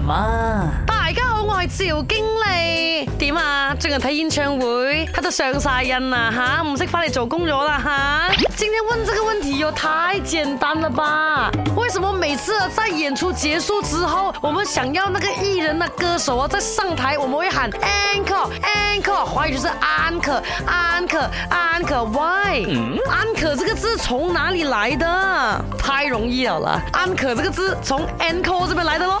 嘛，大家好，我係趙經理。點啊？最近睇演唱會，睇到上晒癮啊吓，唔識翻嚟做工咗啦吓。今天問這個問題又太簡單了吧？為什麼每次在演出結束之後，我們想要那個藝人的歌手啊再上台，我們會喊 encore encore，華語就是安可安可安可。Why？安可這個字從哪裏來的？太容易了啦！安可這個字從 encore 這邊來的咯。